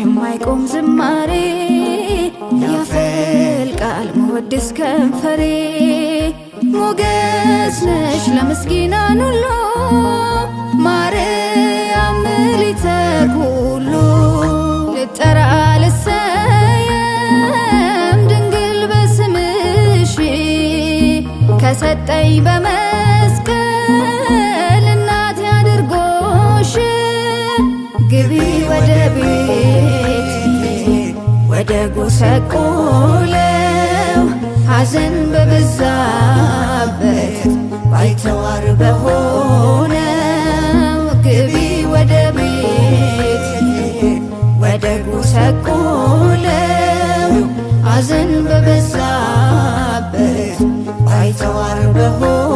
የማይቆም ዝማሬ ያፈልቃል መወድስ ከንፈሬ ሞገስ ነሽ ለምስኪናን ሁሉ ማርያም ምሊተርኩ ሁሉ ልጠራ ልሰየም ድንግል በስምሽ ከሰጠኝ በመ ግቢ ወደ ቤት ወደ ጎሰቆለው ሐዘን በበዛበት ባይተዋር በሆነው ግቢ ወደ ቤት ወደ ጎሰቆለው ሐዘን በበዛበት ባይተዋር በሆነ